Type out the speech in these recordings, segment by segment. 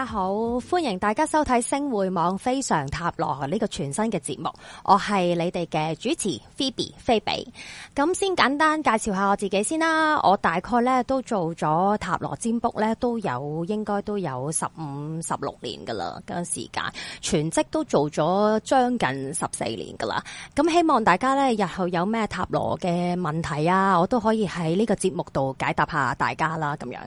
大家好，歡迎大家收睇星匯網非常塔羅呢個全新嘅節目，我係你哋嘅主持 Phoebe 菲比。咁先簡單介紹下我自己先啦，我大概呢都做咗塔羅占卜呢都有，應該都有十五、十六年噶啦，咁時間全職都做咗將近十四年噶啦。咁希望大家呢日後有咩塔羅嘅問題啊，我都可以喺呢個節目度解答下大家啦，咁樣。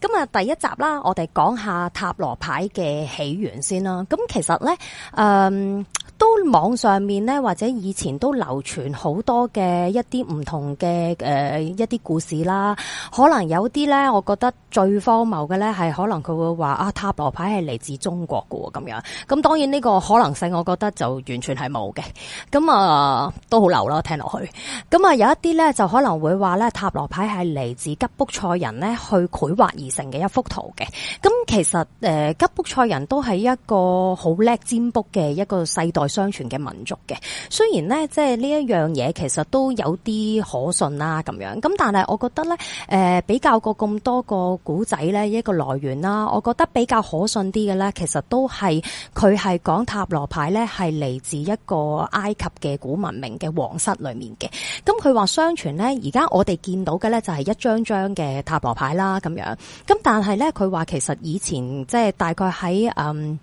咁啊，第一集啦，我哋講下塔羅。牌嘅起源先啦，咁其實咧，誒、嗯。都網上面咧，或者以前都流傳好多嘅一啲唔同嘅誒、呃、一啲故事啦。可能有啲咧，我覺得最荒謬嘅咧，係可能佢會話啊，塔羅牌係嚟自中國嘅喎咁樣。咁當然呢個可能性，我覺得就完全係冇嘅。咁啊，啊，都好流啦聽落去。咁啊，有一啲咧就可能會話咧，塔羅牌係嚟自吉卜賽人咧去繪畫而成嘅一幅圖嘅。咁其實誒、呃、吉卜賽人都係一個好叻占卜嘅一個世代。相傳嘅民族嘅，雖然呢，即係呢一樣嘢，其實都有啲可信啦咁樣。咁但係我覺得呢，誒、呃，比較過咁多個古仔呢，一個來源啦，我覺得比較可信啲嘅呢，其實都係佢係講塔羅牌呢，係嚟自一個埃及嘅古文明嘅皇室裏面嘅。咁佢話相傳呢，而家我哋見到嘅呢，就係一張張嘅塔羅牌啦咁樣。咁但係呢，佢話其實以前即係大概喺嗯，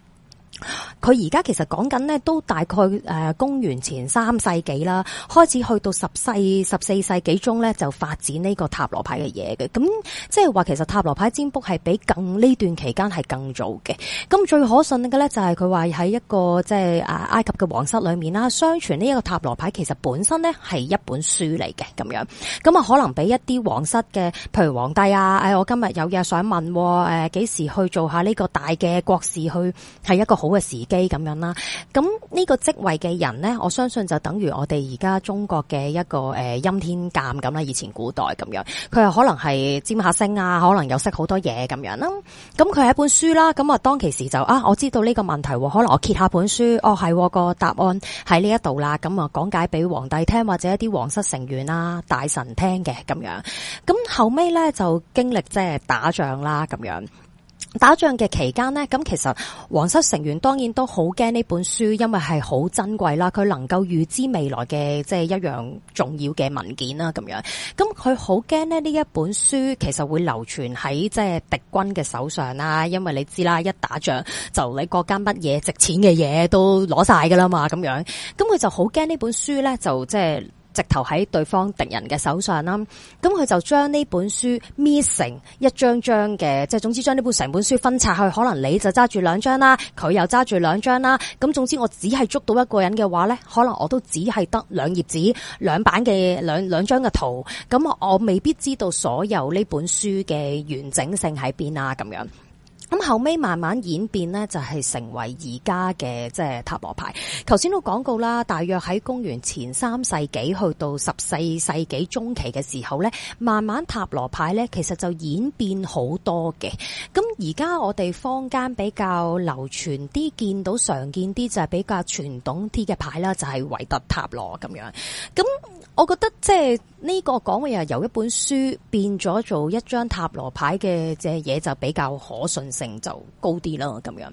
佢而家其實講緊咧，都大概誒、呃，公元前三世紀啦，開始去到十世十四世紀中咧，就發展呢個塔羅牌嘅嘢嘅。咁即係話，就是、其實塔羅牌占卜係比更呢段期間係更早嘅。咁、嗯、最可信嘅咧，就係佢話喺一個即係啊埃及嘅皇室裏面啦，相傳呢一個塔羅牌其實本身呢係一本書嚟嘅，咁樣咁啊、嗯，可能俾一啲皇室嘅，譬如皇帝啊，誒、哎，我今日有嘢想問、啊，誒、呃，幾時去做下呢個大嘅國事去係一個好嘅時機咁樣啦，咁、這、呢個職位嘅人呢，我相信就等於我哋而家中國嘅一個誒陰、呃、天監咁啦，以前古代咁樣，佢又可能係占下星啊，可能又識好多嘢咁樣啦，咁佢係一本書啦，咁啊當其時就啊我知道呢個問題，可能我揭下本書，哦係個答案喺呢一度啦，咁啊講解俾皇帝聽或者一啲皇室成員呀、大臣聽嘅咁樣，咁後尾呢，就經歷即係打仗啦咁樣。打仗嘅期間呢，咁其實皇室成員當然都好驚呢本書，因為係好珍貴啦。佢能夠預知未來嘅，即係一樣重要嘅文件啦。咁樣，咁佢好驚呢呢一本書，其實會流傳喺即係敵軍嘅手上啦。因為你知啦，一打仗就你國家乜嘢值錢嘅嘢都攞晒噶啦嘛，咁樣，咁佢就好驚呢本書呢，就即係。直頭喺對方敵人嘅手上啦，咁佢就將呢本書搣成一張張嘅，即係總之將呢本成本書分拆去，可能你就揸住兩張啦，佢又揸住兩張啦，咁總之我只係捉到一個人嘅話呢，可能我都只係得兩頁紙、兩版嘅兩兩張嘅圖，咁我未必知道所有呢本書嘅完整性喺邊啊，咁樣。咁後尾慢慢演變咧，就係成為而家嘅，即係塔羅牌。頭先都講過啦，大約喺公元前三世紀去到十四世紀中期嘅時候咧，慢慢塔羅牌咧其實就演變好多嘅。咁而家我哋坊間比較流傳啲、見到常見啲就係比較傳統啲嘅牌啦，就係維特塔羅咁樣，咁我覺得即係呢個講嘅又由一本書變咗做一張塔羅牌嘅即嘢，就比較可信性就高啲咯，咁樣。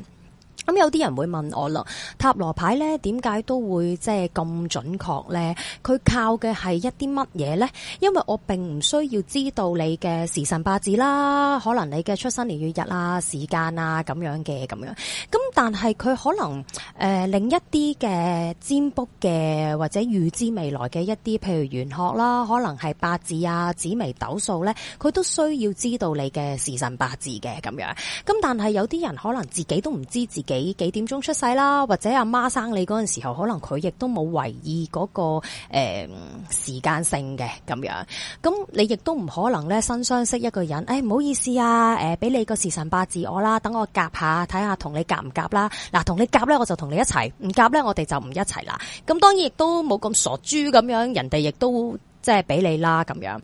咁、嗯、有啲人會問我啦，塔羅牌咧點解都會即係咁準確咧？佢靠嘅係一啲乜嘢咧？因為我並唔需要知道你嘅時辰八字啦，可能你嘅出生年月日啊、時間啊咁樣嘅咁樣，咁、嗯、但係佢可能誒、呃、另一啲嘅占卜嘅或者預知未來嘅一啲，譬如玄學啦，可能係八字啊、紫微斗數咧，佢都需要知道你嘅時辰八字嘅咁樣。咁、嗯、但係有啲人可能自己都唔知自己。幾幾點鐘出世啦？或者阿媽生你嗰陣時候，可能佢亦都冇留意嗰、那個誒、呃、時間性嘅咁樣。咁你亦都唔可能咧新相識一個人，誒、哎、唔好意思啊，誒、呃、俾你個時辰八字我啦，等我夾下睇下同你夾唔夾啦。嗱，同你夾咧我就同你一齊，唔夾咧我哋就唔一齊啦。咁當然亦都冇咁傻豬咁樣，人哋亦都即係俾你啦咁樣。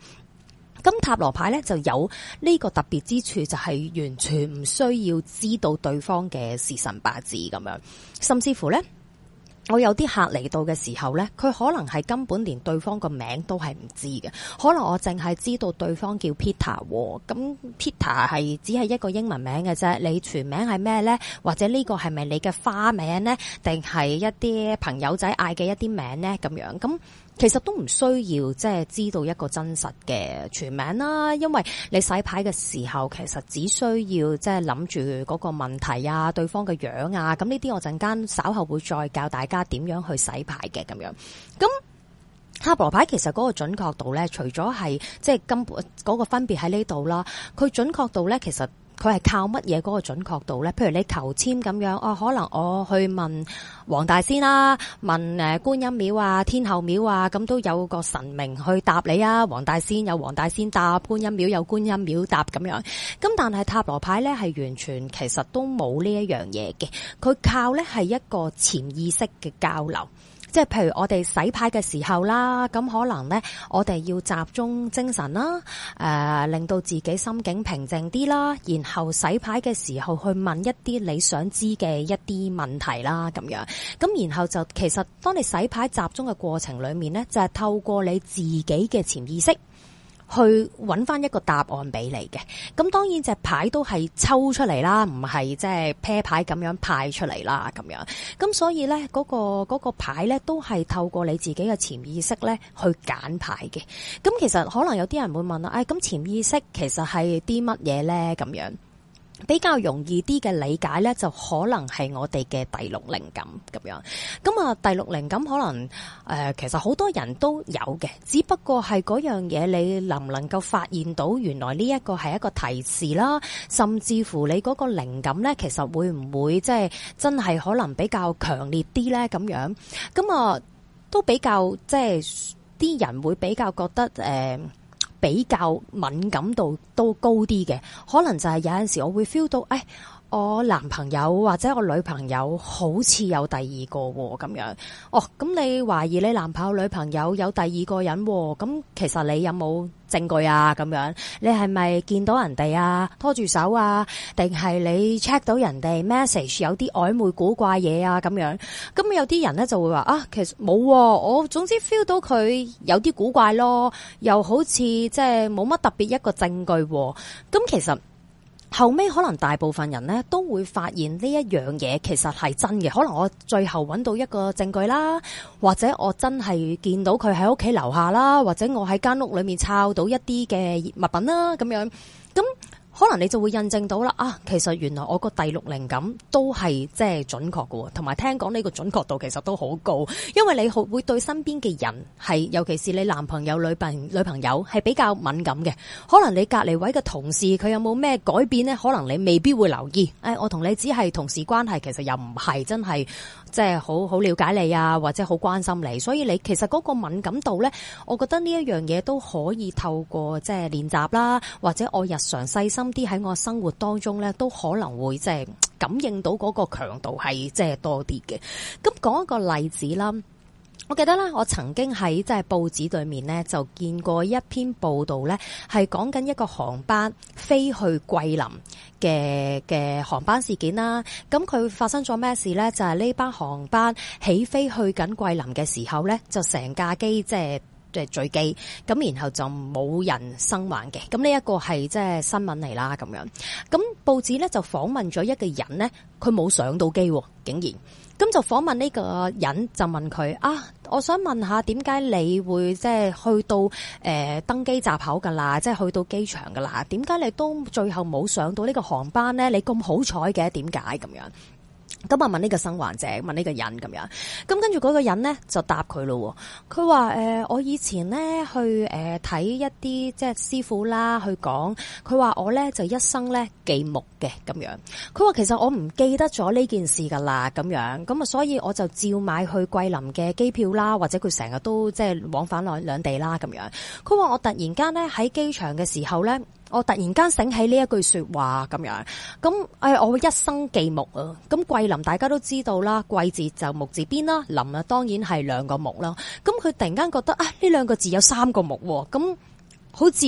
咁塔羅牌咧就有呢個特別之處，就係完全唔需要知道對方嘅時辰八字咁樣，甚至乎呢，我有啲客嚟到嘅時候呢，佢可能係根本連對方個名都係唔知嘅，可能我淨係知道對方叫 Peter，咁 Peter 係只係一個英文名嘅啫，你全名係咩呢？或者呢個係咪你嘅花名呢？定係一啲朋友仔嗌嘅一啲名呢？咁樣咁。其實都唔需要即係知道一個真實嘅全名啦，因為你洗牌嘅時候，其實只需要即係諗住嗰個問題啊，對方嘅樣啊，咁呢啲我陣間稍後會再教大家點樣去洗牌嘅咁樣。咁塔羅牌其實嗰個準確度咧，除咗係即係根本嗰個分別喺呢度啦，佢準確度咧其實。佢係靠乜嘢嗰個準確度呢？譬如你求簽咁樣，哦、啊，可能我去問黃大仙啦、啊，問誒、呃、觀音廟啊、天后廟啊，咁都有個神明去答你啊。黃大仙有黃大仙答，觀音廟有觀音廟答咁樣。咁、嗯、但係塔羅牌呢，係完全其實都冇呢一樣嘢嘅，佢靠呢係一個潛意識嘅交流。即係譬如我哋洗牌嘅時候啦，咁可能呢，我哋要集中精神啦，誒、呃，令到自己心境平靜啲啦，然後洗牌嘅時候去問一啲你想知嘅一啲問題啦，咁樣，咁然後就其實當你洗牌集中嘅過程裏面呢，就係、是、透過你自己嘅潛意識。去揾翻一個答案俾你嘅，咁當然隻牌都係抽出嚟啦，唔係即係啤牌咁樣派出嚟啦，咁樣，咁所以咧嗰、嗰個嗰個牌咧都係透過你自己嘅潛意識咧去揀牌嘅。咁其實可能有啲人會問啦，誒、哎、咁潛意識其實係啲乜嘢咧咁樣？比較容易啲嘅理解呢，就可能係我哋嘅第六靈感咁樣。咁、嗯、啊，第六靈感可能誒、呃，其實好多人都有嘅，只不過係嗰樣嘢，你能唔能夠發現到原來呢一個係一個提示啦，甚至乎你嗰個靈感呢，其實會唔會即係真係可能比較強烈啲呢？咁樣？咁、嗯、啊，都比較即係啲人會比較覺得誒。呃比較敏感度都高啲嘅，可能就係有陣時我會 feel 到，誒。我男朋友或者我女朋友好似有第二個喎，咁樣，哦，咁你懷疑你男朋友女朋友有第二個人喎，咁其實你有冇證據啊？咁樣，你係咪見到人哋啊，拖住手啊，定係你 check 到人哋 message 有啲曖昧古怪嘢啊？咁樣，咁有啲人咧就會話啊，其實冇喎，我總之 feel 到佢有啲古怪咯，又好似即係冇乜特別一個證據喎，咁其實。後尾可能大部分人咧，都會發現呢一樣嘢其實係真嘅，可能我最後揾到一個證據啦，或者我真係見到佢喺屋企樓下啦，或者我喺間屋裏面抄到一啲嘅物品啦，咁樣咁。可能你就會印證到啦啊，其實原來我個第六靈感都係即係準確嘅，同埋聽講呢個準確度其實都好高，因為你好會對身邊嘅人係尤其是你男朋友、女朋女朋友係比較敏感嘅。可能你隔離位嘅同事佢有冇咩改變咧？可能你未必會留意。誒、哎，我同你只係同事關係其實又唔係真係即係好好了解你啊，或者好關心你，所以你其實個敏感度咧，我覺得呢一樣嘢都可以透過即係練習啦，或者我日常細心。啲喺我生活當中咧，都可能會即係感應到嗰個強度係即係多啲嘅。咁講一個例子啦，我記得咧，我曾經喺即係報紙對面咧就見過一篇報道咧，係講緊一個航班飛去桂林嘅嘅航班事件啦。咁佢發生咗咩事咧？就係呢班航班起飛去緊桂林嘅時候咧，就成架機即係。即係墜機，咁然後就冇人生還嘅，咁呢一個係即係新聞嚟啦，咁樣，咁報紙咧就訪問咗一個人呢，佢冇上到機，竟然，咁就訪問呢個人就問佢啊，我想問下點解你會即係去到誒、呃、登機閘口噶啦，即係去到機場噶啦，點解你都最後冇上到呢個航班呢？你咁好彩嘅，點解咁樣？咁啊，問呢個生還者，問呢個人咁樣。咁跟住嗰個人咧，就答佢咯。佢話：誒、呃，我以前咧去誒睇、呃、一啲即係師傅啦，去講。佢話我咧就一生咧忌木嘅咁樣。佢話其實我唔記得咗呢件事㗎啦，咁樣。咁啊，所以我就照買去桂林嘅機票啦，或者佢成日都即係往返兩兩地啦咁樣。佢話我突然間咧喺機場嘅時候咧。我突然間醒起呢一句說話咁樣，咁誒，我一生忌木啊。咁桂林大家都知道啦，桂字就木字邊啦，林啊，當然係兩個木啦。咁佢突然間覺得啊，呢兩個字有三個木，咁好似。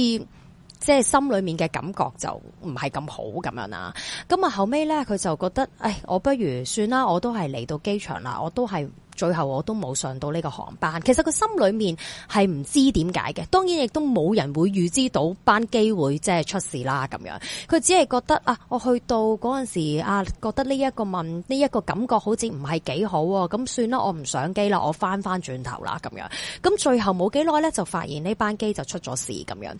即係心裏面嘅感覺就唔係咁好咁樣啦，啊。咁啊後尾呢，佢就覺得，誒,我不如算啦,我都係嚟到機場啦,我都係最後我都冇上到呢個航班。其實佢心裏面係唔知點解嘅，當然亦都冇人會預知到班機會即係出事啦。咁樣，啊，佢只係覺得啊，我去到嗰陣時啊，覺得呢一個問呢一個感覺好似唔係幾好，啊，咁算啦，我唔上機啦，我翻翻轉頭啦，咁樣，啊。咁，啊，最後冇幾耐呢，就發現呢班機就出咗事咁樣，啊。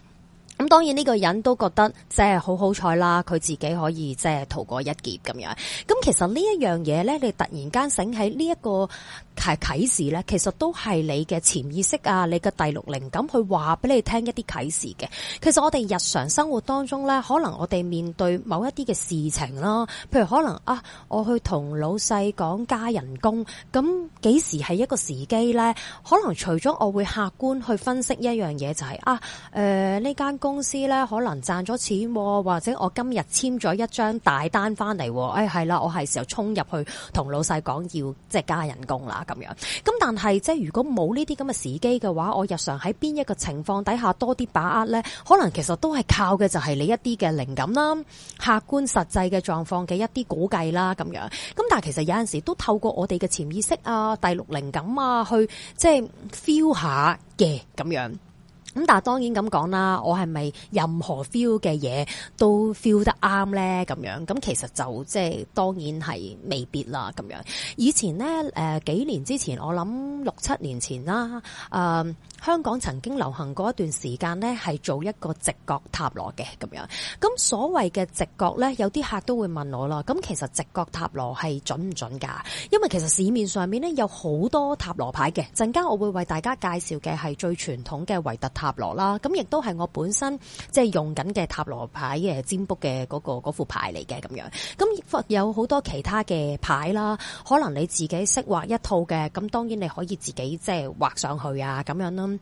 咁當然呢個人都覺得即係好好彩啦，佢自己可以即係逃過一劫咁樣。咁其實呢一樣嘢咧，你突然間醒起呢一個係啟示咧，其實都係你嘅潛意識啊，你嘅第六靈感去話俾你聽一啲啟示嘅。其實我哋日常生活當中咧，可能我哋面對某一啲嘅事情啦，譬如可能啊，我去同老細講加人工，咁幾時係一個時機咧？可能除咗我會客觀去分析一樣嘢，就是，就係啊，誒呢間公司咧可能賺咗錢，哦，或者我今日簽咗一張大單返嚟，哦，誒係啦，我係時候衝入去同老細講要即係加人工啦。咁樣，咁但係即係如果冇呢啲咁嘅時機嘅話，我日常喺邊一個情況底下多啲把握呢？可能其實都係靠嘅就係你一啲嘅靈感啦，客觀實際嘅狀況嘅一啲估計啦，咁樣。咁但係其實有陣時都透過我哋嘅潛意識啊、第六靈感啊，去即係、就是、feel 下嘅咁樣。咁但係當然咁講啦，我係咪任何 feel 嘅嘢都 feel 得啱呢？咁樣咁其實就即係當然係未必啦。咁樣以前呢，誒、呃、幾年之前，我諗六七年前啦，誒、呃、香港曾經流行過一段時間呢，係做一個直覺塔羅嘅咁樣。咁所謂嘅直覺呢，有啲客都會問我啦。咁其實直覺塔羅係準唔準㗎？因為其實市面上面呢，有好多塔羅牌嘅。陣間我會為大家介紹嘅係最傳統嘅維特塔羅啦，咁亦都係我本身即係用緊嘅塔羅牌嘅占卜嘅嗰、嗰個副牌嚟嘅咁樣，咁亦有好多其他嘅牌啦，可能你自己識畫一套嘅，咁當然你可以自己即係畫上去啊，咁樣啦。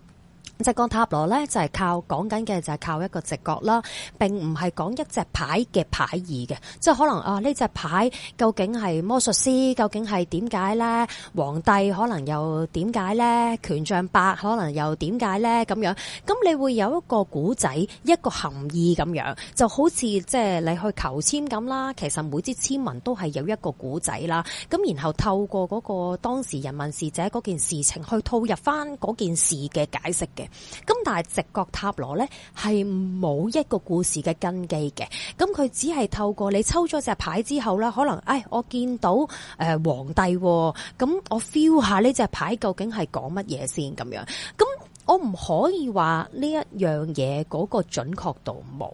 只鋼塔羅呢，就係、是、靠講緊嘅就係靠一個直覺啦，並唔係講一隻牌嘅牌意嘅，即係可能啊呢隻牌究竟係魔術師，究竟係點解呢？皇帝可能又點解呢？權杖八可能又點解呢？咁樣，咁你會有一個故仔，一個含義咁樣，就好似即係你去求簽咁啦。其實每支簽文都係有一個故仔啦，咁然後透過嗰個當時人民使者嗰件事情去套入翻嗰件事嘅解釋嘅。咁但係直覺塔羅咧係冇一個故事嘅根基嘅，咁佢只係透過你抽咗隻牌之後咧，可能誒、哎、我見到誒、呃、皇帝、哦，咁、嗯、我 feel 下呢隻牌究竟係講乜嘢先咁樣，咁、嗯。我唔可以話呢一樣嘢嗰個準確度冇，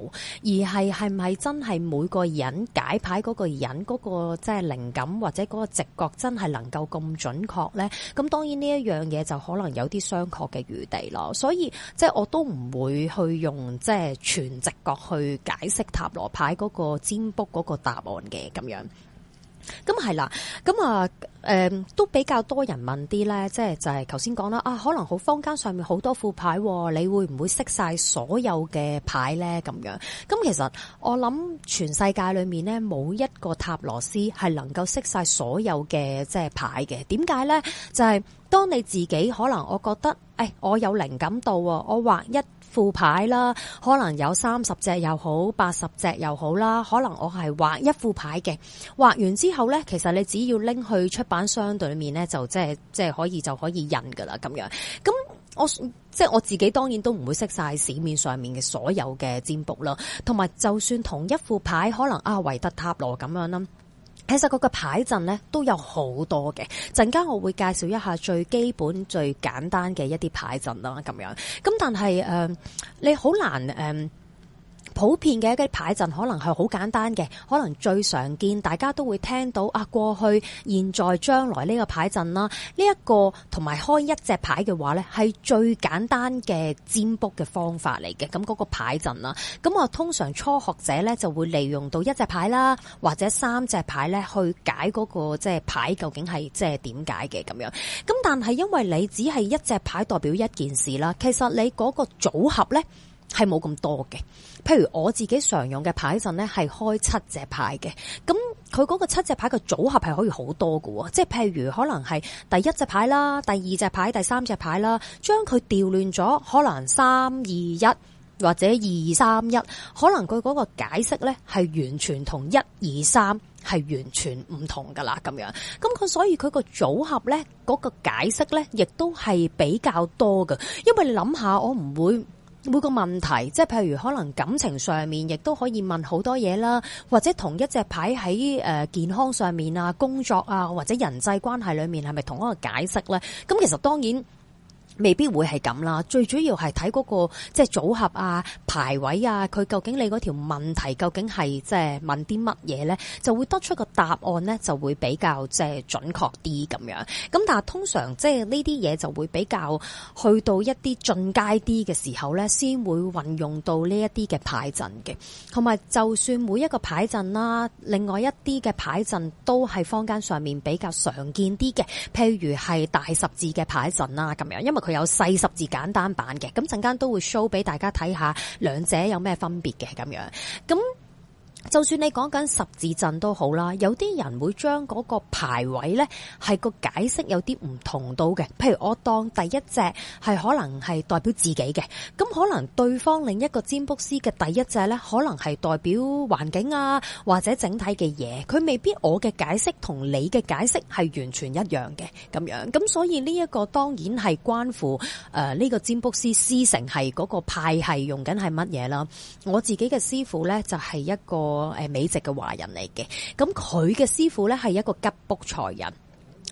而係係咪真係每個人解牌嗰個人嗰個即係靈感或者嗰個直覺真係能夠咁準確呢？咁當然呢一樣嘢就可能有啲商榷嘅餘地咯。所以即係我都唔會去用即係全直覺去解釋塔羅牌嗰個占卜嗰個答案嘅咁樣。咁係啦，咁啊、嗯，誒、嗯，都比較多人問啲咧，即係就係頭先講啦，啊，可能好坊間上面好多副牌，你會唔會識晒所有嘅牌咧？咁樣，咁其實我諗全世界裏面咧，冇一個塔羅斯係能夠識晒所有嘅即係牌嘅。點解咧？就係、是就是、當你自己可能我覺得，誒、哎，我有靈感到，我畫一。副牌啦，可能有三十隻又好，八十隻又好啦。可能我係畫一副牌嘅，畫完之後呢，其實你只要拎去出版商對面呢，就即係即係可以就可以印噶啦咁樣。咁我即係我自己，當然都唔會識晒市面上面嘅所有嘅占卜啦。同埋就算同一副牌，可能阿維特塔羅咁樣啦。其實個個牌陣咧都有好多嘅，陣間我會介紹一下最基本、最簡單嘅一啲牌陣啦，咁樣。咁但係誒、呃，你好難誒。呃普遍嘅一啲牌陣可能係好簡單嘅，可能最常見，大家都會聽到啊過去、現在、將來呢個牌陣啦。呢、這、一個同埋開一隻牌嘅話呢係最簡單嘅占卜嘅方法嚟嘅。咁嗰個牌陣啦，咁我通常初學者呢就會利用到一隻牌啦，或者三隻牌呢去解嗰、那個即係牌究竟係即係點解嘅咁樣。咁但係因為你只係一隻牌代表一件事啦，其實你嗰個組合呢。係冇咁多嘅，譬如我自己常用嘅牌陣呢，係開七隻牌嘅。咁佢嗰個七隻牌嘅組合係可以好多噶，即係譬如可能係第一隻牌啦，第二隻牌，第三隻牌啦，將佢調亂咗，可能三二一或者二三一，可能佢嗰個解釋呢，係完全同一二三係完全唔同噶啦，咁樣。咁佢所以佢個組合呢，嗰個解釋呢，亦都係比較多嘅。因為你諗下，我唔會。每個問題，即係譬如可能感情上面，亦都可以問好多嘢啦，或者同一隻牌喺誒健康上面啊、工作啊，或者人際關係裏面係咪同一個解釋呢？咁其實當然。未必會係咁啦，最主要係睇嗰個即係組合啊、排位啊，佢究竟你嗰條問題究竟係即係問啲乜嘢咧，就會得出個答案咧，就會比較即係準確啲咁樣。咁但係通常即係呢啲嘢就會比較去到一啲進階啲嘅時候咧，先會運用到呢一啲嘅牌陣嘅。同埋就算每一個牌陣啦，另外一啲嘅牌陣都係坊間上面比較常見啲嘅，譬如係大十字嘅牌陣啦，咁樣，因為。佢有細十字簡單版嘅，咁陣間都會 show 俾大家睇下兩者有咩分別嘅咁樣，咁。就算你講緊十字陣都好啦，有啲人會將嗰個排位咧，係個解釋有啲唔同到嘅。譬如我當第一隻係可能係代表自己嘅，咁可能對方另一個占卜師嘅第一隻咧，可能係代表環境啊或者整體嘅嘢。佢未必我嘅解釋同你嘅解釋係完全一樣嘅咁樣，咁所以呢一個當然係關乎誒呢、呃這個占卜師師承係嗰個派系用緊係乜嘢啦。我自己嘅師傅咧就係、是、一個。誒，美籍嘅華人嚟嘅，咁佢嘅師傅呢係一個吉卜賽人，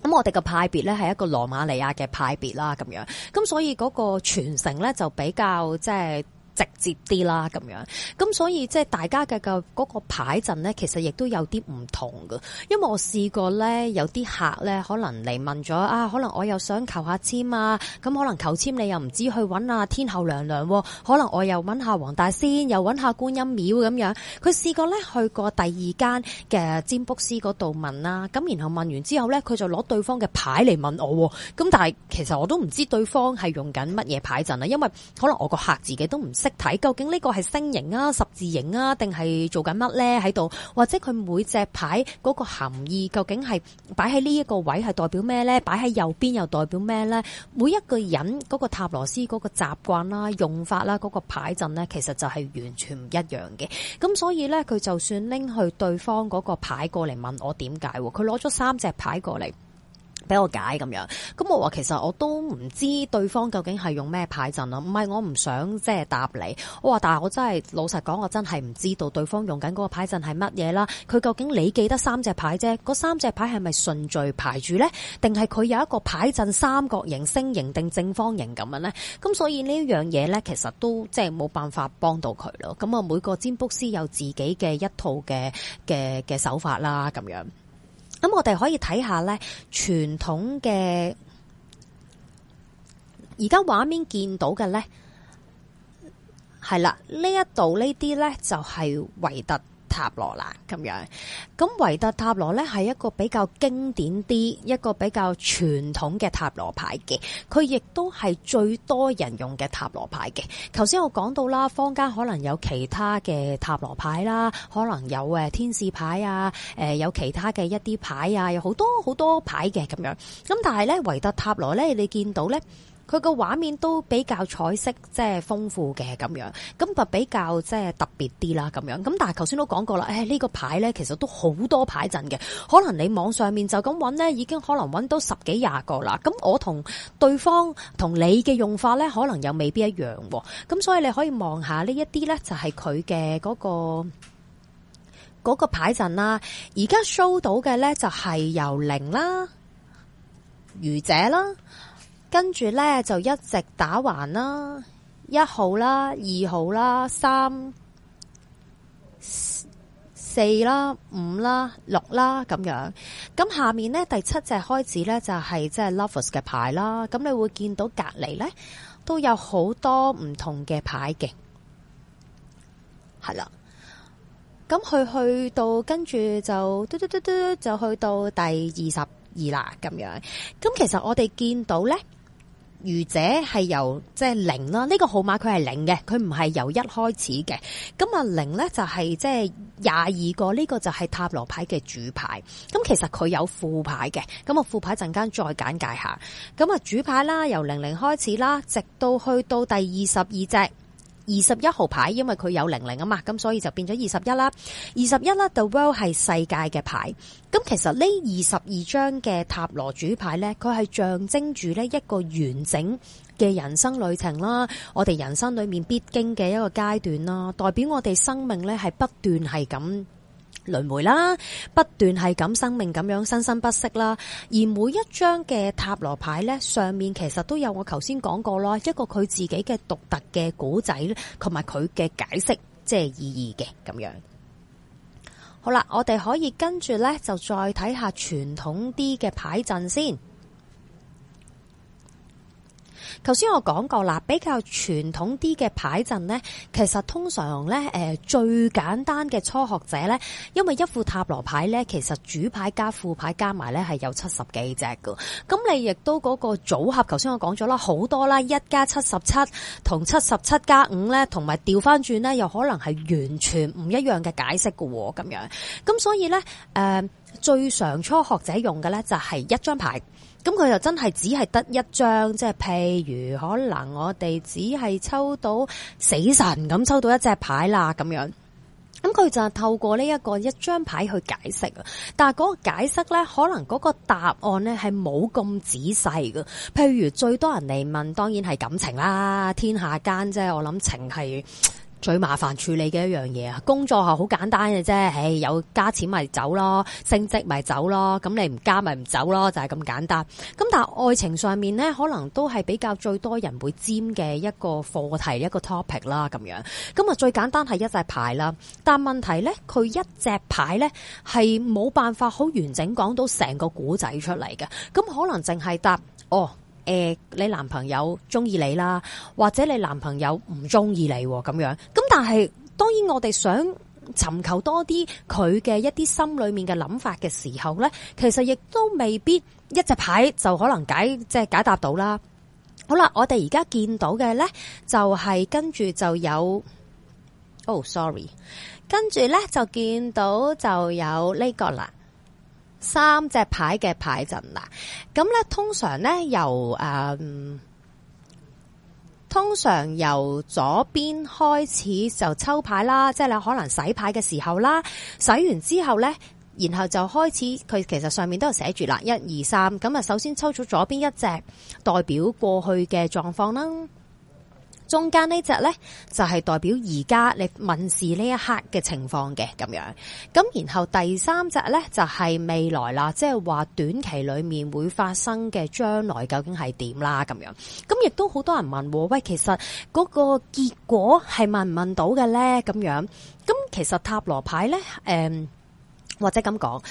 咁我哋嘅派別呢係一個羅馬尼亞嘅派別啦，咁樣，咁所以嗰個傳承呢就比較，即係。直接啲啦咁樣，咁所以即係大家嘅個嗰個牌陣咧，其實亦都有啲唔同嘅。因為我試過咧，有啲客咧可能嚟問咗啊，可能我又想求下簽啊，咁可能求簽你又唔知去揾啊天后娘娘，哦，可能我又揾下黃大仙，又揾下觀音廟咁樣，佢試過咧去過第二間嘅占卜師度問啦，啊，咁然後問完之後咧，佢就攞對方嘅牌嚟問我，咁但係其實我都唔知對方係用緊乜嘢牌陣啊，因為可能我個客自己都唔。識睇究竟呢個係星形啊、十字形啊，定係做緊乜呢？喺度或者佢每隻牌嗰個含義究竟係擺喺呢一個位係代表咩呢？擺喺右邊又代表咩呢？每一個人嗰個塔羅斯嗰個習慣啦、用法啦、嗰個牌陣呢，其實就係完全唔一樣嘅。咁所以呢，佢就算拎去對方嗰個牌過嚟問我點解，佢攞咗三隻牌過嚟。俾我解咁樣，咁我話其實我都唔知對方究竟係用咩牌陣啊。唔係我唔想即係答你，我話但係我真係老實講，我真係唔知道對方用緊嗰個牌陣係乜嘢啦。佢究竟你記得三隻牌啫，嗰三隻牌係咪順序排住呢？定係佢有一個牌陣三角形、星形定正方形咁樣呢？咁所以呢樣嘢呢，其實都即係冇辦法幫到佢咯。咁啊，每個占卜師有自己嘅一套嘅嘅嘅手法啦，咁樣。咁我哋可以睇下咧，傳統嘅而家畫面見到嘅咧，係啦，呢一度呢啲咧就係維特塔羅啦，咁樣，咁維特塔羅咧係一個比較經典啲，一個比較傳統嘅塔羅牌嘅，佢亦都係最多人用嘅塔羅牌嘅。頭先我講到啦，坊間可能有其他嘅塔羅牌啦，可能有誒天使牌啊，誒有其他嘅一啲牌啊，有好多好多牌嘅咁樣，咁但係咧維特塔羅咧，你見到咧。佢個畫面都比較彩色，即係豐富嘅咁樣，咁就比較即係特別啲啦咁樣。咁但係頭先都講過啦，誒、哎、呢、這個牌咧，其實都好多牌陣嘅，可能你網上面就咁揾，咧，已經可能揾到十幾廿個啦。咁我同對方同你嘅用法咧，可能又未必一樣。咁所以你可以望下呢一啲咧，就係佢嘅嗰個嗰、那個牌陣啦。而家 show 到嘅咧，就係由零啦、愚者啦。跟住呢，就一直打橫啦，一號啦，二號啦，三、四啦，五啦，六啦咁樣。咁下面呢，第七隻開始呢，就係、是、即係 Lovers 嘅牌啦。咁你會見到隔籬呢，都有好多唔同嘅牌嘅。係啦，咁佢去到跟住就嘟嘟嘟嘟，就去到第二十二啦咁樣。咁其實我哋見到呢。愚者係由即係零啦，呢個號碼佢係零嘅，佢唔係由一開始嘅。咁啊零呢就係即係廿二個，呢個就係塔羅牌嘅主牌。咁其實佢有副牌嘅，咁啊副牌陣間再簡介下。咁啊主牌啦，由零零開始啦，直到去到第二十二隻。二十一號牌，因為佢有零零啊嘛，咁所以就變咗二十一啦。二十一啦，The World 係世界嘅牌。咁其實呢二十二張嘅塔羅主牌呢，佢係象徵住呢一個完整嘅人生旅程啦，我哋人生裏面必經嘅一個階段啦，代表我哋生命呢，係不斷係咁。輪回啦，不斷係咁生命咁樣生生不息啦。而每一張嘅塔羅牌呢，上面其實都有我頭先講過啦，一個佢自己嘅獨特嘅古仔，同埋佢嘅解釋，即係意義嘅咁樣。好啦，我哋可以跟住呢，就再睇下傳統啲嘅牌陣先。頭先我講過啦，比較傳統啲嘅牌陣呢，其實通常呢，誒最簡單嘅初學者呢，因為一副塔羅牌呢，其實主牌加副牌加埋呢係有七十幾隻噶。咁你亦都嗰個組合，頭先我講咗啦，好多啦，一加七十七同七十七加五呢，同埋調翻轉呢，5，又可能係完全唔一樣嘅解釋噶喎，咁樣。咁所以呢，誒、呃。最常初學者用嘅呢就係一張牌。咁佢就真係只係得一張，即係譬如可能我哋只係抽到死神咁抽到一隻牌啦，咁樣。咁佢就透過呢一個一張牌去解釋。但係嗰個解釋呢，可能嗰個答案呢係冇咁仔細㗎。譬如最多人嚟問，當然係感情啦，天下間即係我諗情係。最麻煩處理嘅一樣嘢啊！工作係好簡單嘅啫，誒有加錢咪走咯，升職咪走咯，咁你唔加咪唔走咯，就係咁簡單。咁但係愛情上面呢，可能都係比較最多人會尖嘅一個課題，一個 topic 啦咁樣。咁啊最簡單係一隻牌啦，但問題呢，佢一隻牌呢，係冇辦法好完整講到成個故仔出嚟嘅，咁可能淨係答哦。誒、呃，你男朋友中意你啦，或者你男朋友唔中意你咁樣，咁但係當然我哋想尋求多啲佢嘅一啲心裏面嘅諗法嘅時候呢，其實亦都未必一隻牌就可能解即係解答到啦。好啦，我哋而家見到嘅呢，就是，就係跟住就有，哦，oh，sorry，跟住呢，就見到就有呢個啦。三隻牌嘅牌陣啦，咁咧通常咧由誒、嗯，通常由左邊開始就抽牌啦，即係你可能洗牌嘅時候啦，洗完之後咧，然後就開始佢，其實上面都有寫住啦，一二三，咁啊首先抽咗左邊一隻，代表過去嘅狀況啦。中間呢隻呢，就係代表而家你問事呢一刻嘅情況嘅咁樣，咁然後第三隻呢，就係未來啦，即係話短期裏面會發生嘅將來究竟係點啦咁樣，咁亦都好多人問喎：「喂，其實嗰個結果係問唔問到嘅呢？」咁樣，咁其實塔羅牌呢，誒，或者咁講。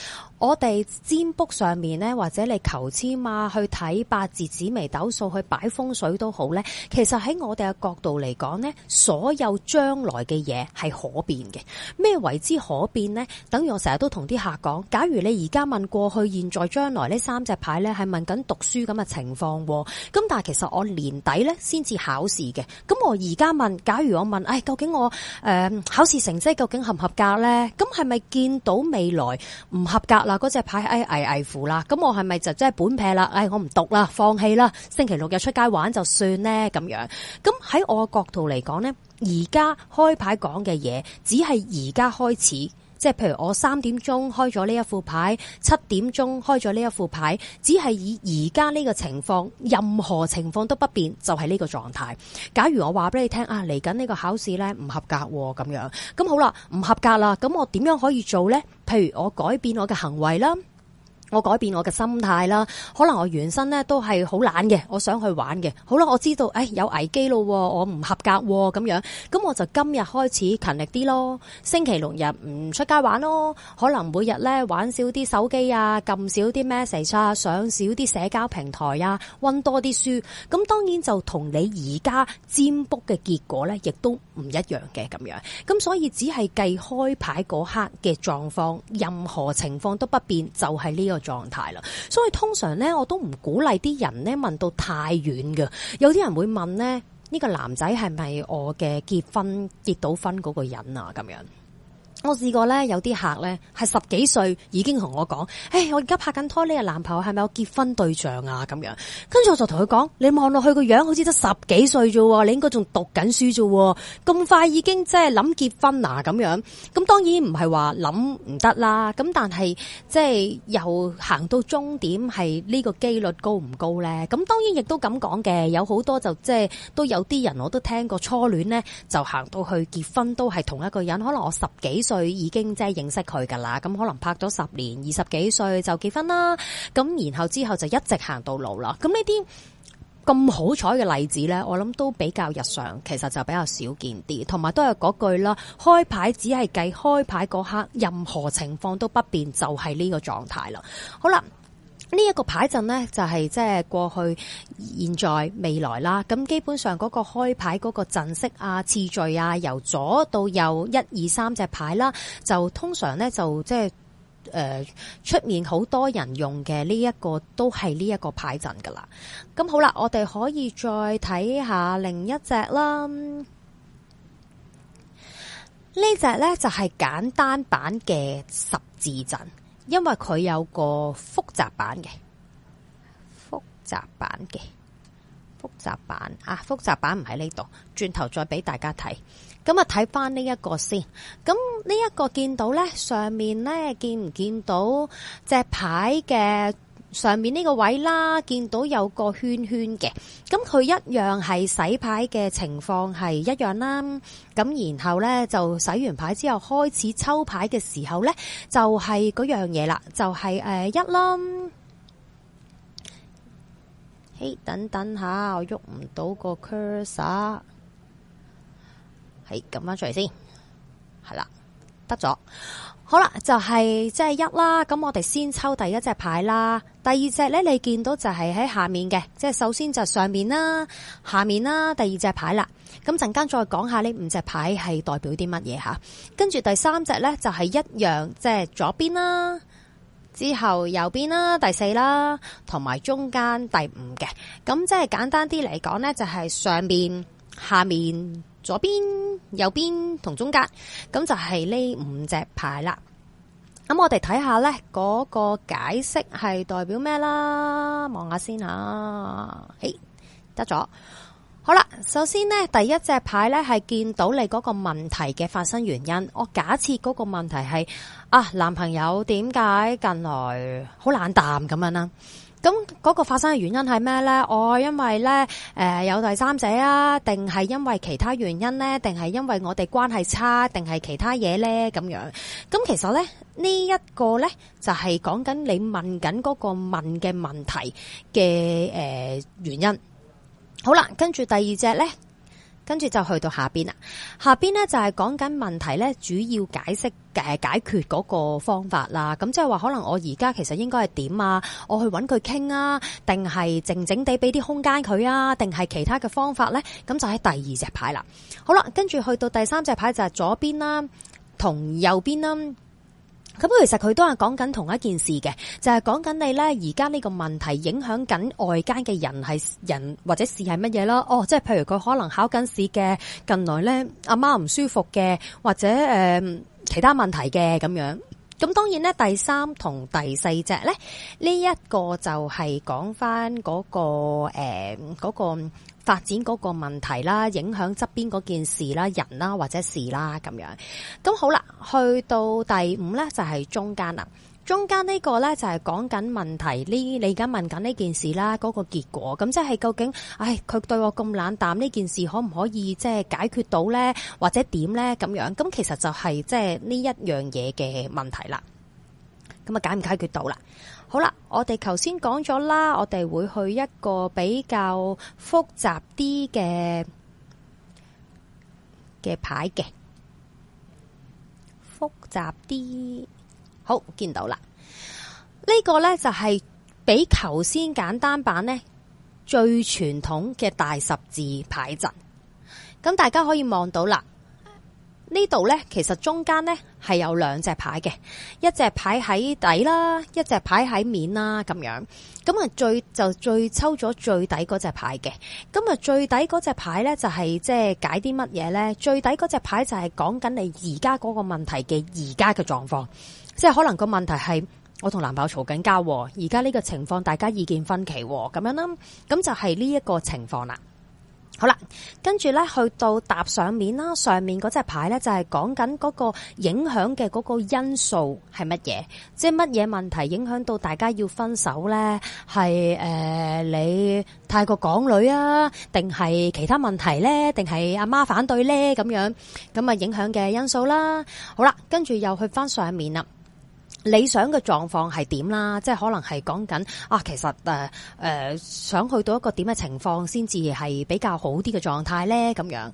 我哋占卜上面咧，或者你求簽啊，去睇八字、紫微斗數、去擺風水都好咧。其實喺我哋嘅角度嚟講咧，所有將來嘅嘢係可變嘅。咩為之可變咧？等於我成日都同啲客講，假如你而家問過去、現在、將來呢三隻牌咧，係問緊讀書咁嘅情況喎。咁但係其實我年底咧先至考試嘅。咁我而家問，假如我問，誒、哎、究竟我誒、呃、考試成績究竟合唔合格咧？咁係咪見到未來唔合格啦？嗰隻、啊、牌，哎危危乎啦，咁我係咪就真係本撇啦？哎，我唔讀啦，放棄啦，星期六日出街玩就算呢，咁樣。咁喺我嘅角度嚟講呢，而家開牌講嘅嘢，只係而家開始。即係譬如我三點鐘開咗呢一副牌，七點鐘開咗呢一副牌，只係以而家呢個情況，任何情況都不變，就係呢個狀態。假如我話俾你聽啊，嚟緊呢個考試呢唔合格咁樣，咁好啦，唔合格啦，咁我點樣可以做呢？譬如我改變我嘅行為啦。我改變我嘅心態啦，可能我原身呢都係好懶嘅，我想去玩嘅。好啦，我知道，誒有危機咯，我唔合格咁樣，咁我就今日開始勤力啲咯。星期六日唔出街玩咯，可能每日呢玩少啲手機啊，撳少啲 message 啊，上少啲社交平台啊，温多啲書。咁當然就同你而家占卜嘅結果呢亦都唔一樣嘅咁樣。咁所以只係計開牌嗰刻嘅狀況，任何情況都不變，就係呢個狀態啦，所以通常咧，我都唔鼓勵啲人咧問到太遠㗎。有啲人會問咧，呢、呢個男仔係咪我嘅結婚結到婚嗰個人啊？咁樣。我試過咧，有啲客咧係十幾歲已經同我講：誒、hey，我而家拍緊拖，呢個男朋友係咪有結婚對象啊？咁樣，跟住我就同佢講：你望落去個樣好似得十幾歲啫喎，你應該仲讀緊書啫喎，咁快已經即係諗結婚嗱咁樣，咁當然唔係話諗唔得啦，咁但係即係又行到終點係呢個機率高唔高咧？咁當然亦都咁講嘅，有好多就即係都有啲人我都聽過初戀咧就行到去結婚都係同一個人，可能我十幾歲，對已經即係認識佢噶啦，咁可能拍咗十年，二十幾歲就結婚啦，咁然後之後就一直行到老啦。咁呢啲咁好彩嘅例子呢，我諗都比較日常，其實就比較少見啲，同埋都係嗰句啦，開牌只係計開牌嗰刻，任何情況都不變，就係呢個狀態啦。好啦。呢一個牌陣呢，就係即係過去、現在、未來啦。咁基本上嗰個開牌嗰個陣式啊、次序啊，由左到右，一二三隻牌啦，就通常呢，就即係誒出面好多人用嘅，呢一個都係呢一個牌陣噶啦。咁好啦，我哋可以再睇下另一隻啦。呢隻呢，就係簡單版嘅十字陣。因為佢有個複雜版嘅複雜版嘅複雜版啊，複雜版唔喺呢度，轉頭再俾大家睇。咁啊，睇翻呢一個先。咁呢一個見到呢，上面呢，見唔見到隻牌嘅？上面呢個位啦，見到有個圈圈嘅，咁佢一樣係洗牌嘅情況係一樣啦。咁然後呢，就洗完牌之後開始抽牌嘅時候呢，就係、係、嗰樣嘢、就係呃、啦，就係誒一啦。嘿，等等下，我喐唔到個 cursor，係咁、hey, 撳返出嚟先，係啦，得咗。好啦，就係即係一啦，咁我哋先抽第一隻牌啦，第二隻呢，你見到就係喺下面嘅，即係首先就上面啦，下面啦，第二隻牌啦，咁陣間再講下呢五隻牌係代表啲乜嘢吓，跟住第三隻呢，就係一樣，即係左邊啦，之後右邊啦，第四啦，同埋中間第五嘅，咁即係簡單啲嚟講呢，就係上面、下面。左邊、右邊同中間，咁就係呢五隻牌看看啦。咁我哋睇下呢嗰個解釋係代表咩啦？望下先吓，誒，得咗。好啦，首先呢，第一隻牌呢係見到你嗰個問題嘅發生原因。我假設嗰個問題係啊，男朋友點解近來好冷淡咁樣啦？咁嗰個發生嘅原因係咩呢？哦，因為呢，誒有第三者啊，定係因為其他原因呢，定係因為我哋關係差，定係其他嘢呢咁樣。咁其實呢，呢一個呢就係講緊你問緊嗰個問嘅問題嘅誒原因。好啦，跟住第二隻呢。跟住就去到下邊啦，下邊呢，就係講緊問題呢，主要解釋誒、呃、解決嗰個方法啦。咁即係話，可能我而家其實應該係點啊？我去揾佢傾啊，定係靜靜地俾啲空間佢啊，定係其他嘅方法呢？咁就係第二隻牌啦。好啦，跟住去到第三隻牌就係左邊啦，啊，同右邊啦，啊。咁其實佢都係講緊同一件事嘅，就係講緊你咧而家呢個問題影響緊外間嘅人係人或者事係乜嘢咯？哦，即係譬如佢可能考緊試嘅，近來咧阿媽唔舒服嘅，或者誒、呃、其他問題嘅咁樣。咁當然咧，第三同第四隻咧，呢一個就係講返嗰個誒嗰、呃那個、發展嗰個問題啦，影響側邊嗰件事啦、人啦或者事啦咁樣。咁好啦，去到第五咧就係、是、中間啦。中間呢個呢，就係講緊問題，呢你而家問緊呢件事啦，嗰個結果咁即係究竟，唉，佢對我咁冷淡呢件事可唔可以即係解決到呢？或者點呢？咁樣？咁其實就係即係呢一樣嘢嘅問題啦。咁啊解唔解決到啦？好啦，我哋頭先講咗啦，我哋會去一個比較複雜啲嘅嘅牌嘅複雜啲。好，見到啦，呢個呢就係比頭先簡單版呢最傳統嘅大十字牌陣。咁大家可以望到啦，呢度呢其實中間呢係有兩隻牌嘅，一隻牌喺底啦，一隻牌喺面啦，咁樣。咁啊最就最抽咗最底嗰隻牌嘅。咁啊最底嗰隻牌呢就係即係解啲乜嘢呢？最底嗰隻牌就係講緊你而家嗰個問題嘅而家嘅狀況。即係可能個問題係我同男朋友嘈緊交，而家呢個情況大家意見分歧咁樣啦，咁就係呢一個情況啦。好啦，跟住呢去到搭上面啦，上面嗰隻牌呢，就係講緊嗰個影響嘅嗰個因素係乜嘢，即係乜嘢問題影響到大家要分手呢？係誒、呃、你太過港女啊，定係其他問題呢？定係阿媽反對呢？咁樣，咁啊影響嘅因素啦。好啦，跟住又去翻上面啦。理想嘅狀況係點啦？即係可能係講緊啊，其實誒誒、呃，想去到一個點嘅情況先至係比較好啲嘅狀態咧，咁樣。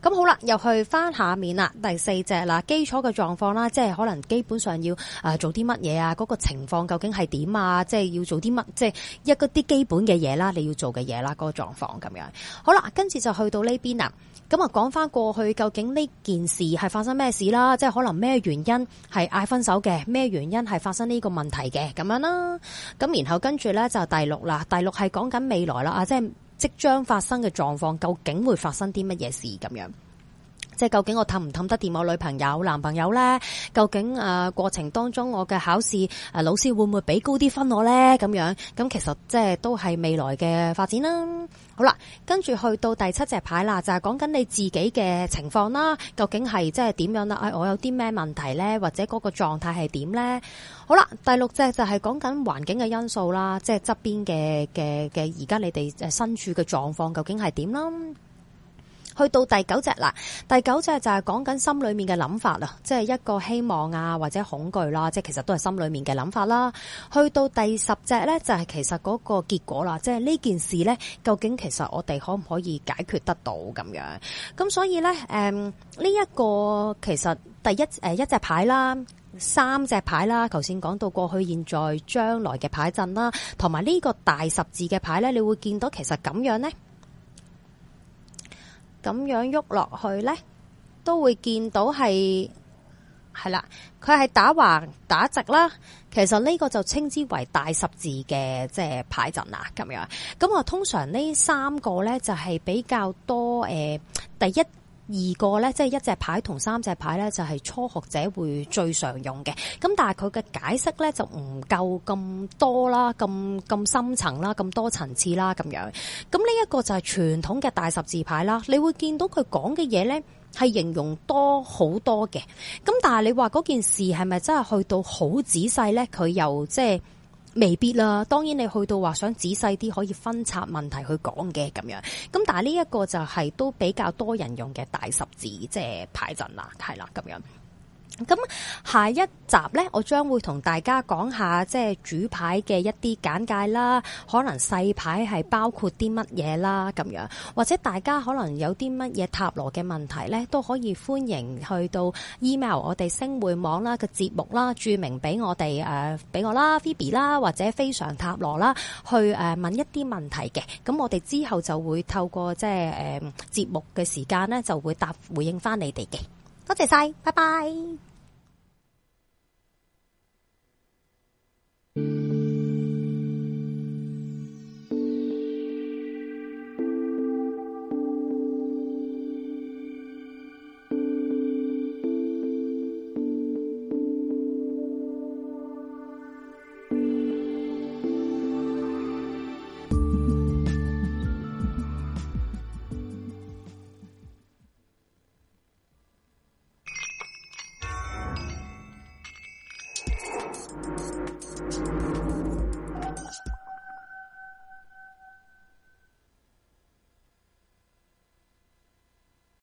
咁好啦，又去翻下面啦，第四隻啦，基礎嘅狀況啦，即係可能基本上要啊做啲乜嘢啊？嗰個情況究竟係點啊？即係要做啲乜？即係一啲基本嘅嘢啦，你要做嘅嘢啦，嗰個狀況咁樣。好啦，跟住就去到呢邊啦。咁啊，講翻過去，究竟呢件事係發生咩事啦？即係可能咩原因係嗌分手嘅？咩原因係發生呢個問題嘅咁樣啦？咁然後跟住呢，就第六啦，第六係講緊未來啦，啊，即係即將發生嘅狀況，究竟會發生啲乜嘢事咁樣？即係究竟我氹唔氹得掂我女朋友、男朋友咧？究竟誒、呃、過程當中我嘅考試誒、呃、老師會唔會俾高啲分我咧？咁樣咁其實即係都係未來嘅發展啦。好啦，跟住去到第七隻牌啦，就係講緊你自己嘅情況啦。究竟係即係點樣啦？誒、哎，我有啲咩問題咧？或者嗰個狀態係點咧？好啦，第六隻就係講緊環境嘅因素啦，即係側邊嘅、嘅、嘅，而家你哋身處嘅狀況究竟係點啦？去到第九隻啦，第九隻就係講緊心裏面嘅諗法啦，即係一個希望啊，或者恐懼啦，即係其實都係心裏面嘅諗法啦。去到第十隻呢，就係、是、其實嗰個結果啦，即係呢件事呢，究竟其實我哋可唔可以解決得到咁樣？咁所以呢，誒呢一個其實第一誒、呃、一隻牌啦，三隻牌啦，頭先講到過去、現在、將來嘅牌陣啦，同埋呢個大十字嘅牌呢，你會見到其實咁樣呢。咁樣喐落去咧，都會見到係係啦，佢係打橫打直啦。其實呢個就稱之為大十字嘅即係牌陣啦。咁樣，咁我通常呢三個咧就係、是、比較多誒、呃，第一。二個咧，即係一隻牌同三隻牌咧，就係初學者會最常用嘅。咁但係佢嘅解釋咧，就唔夠咁多啦，咁咁深層啦，咁多層次啦咁樣。咁呢一個就係傳統嘅大十字牌啦。你會見到佢講嘅嘢咧，係形容多好多嘅。咁但係你話嗰件事係咪真係去到好仔細咧？佢又即係。未必啦，當然你去到話想仔細啲可以分拆問題去講嘅咁樣，咁但係呢一個就係都比較多人用嘅大十字，即係牌陣啦，係啦咁樣。咁下一集呢，我將會同大家講下即係主牌嘅一啲簡介啦，可能細牌係包括啲乜嘢啦咁樣，或者大家可能有啲乜嘢塔羅嘅問題呢，都可以歡迎去到 email 我哋星匯網啦嘅節目著名、呃、啦，注明俾我哋誒俾我啦，Phoebe 啦，或者菲常塔羅啦，去誒、呃、問一啲問題嘅。咁我哋之後就會透過即係誒節目嘅時間呢，就會答回應翻你哋嘅。多謝晒，拜拜。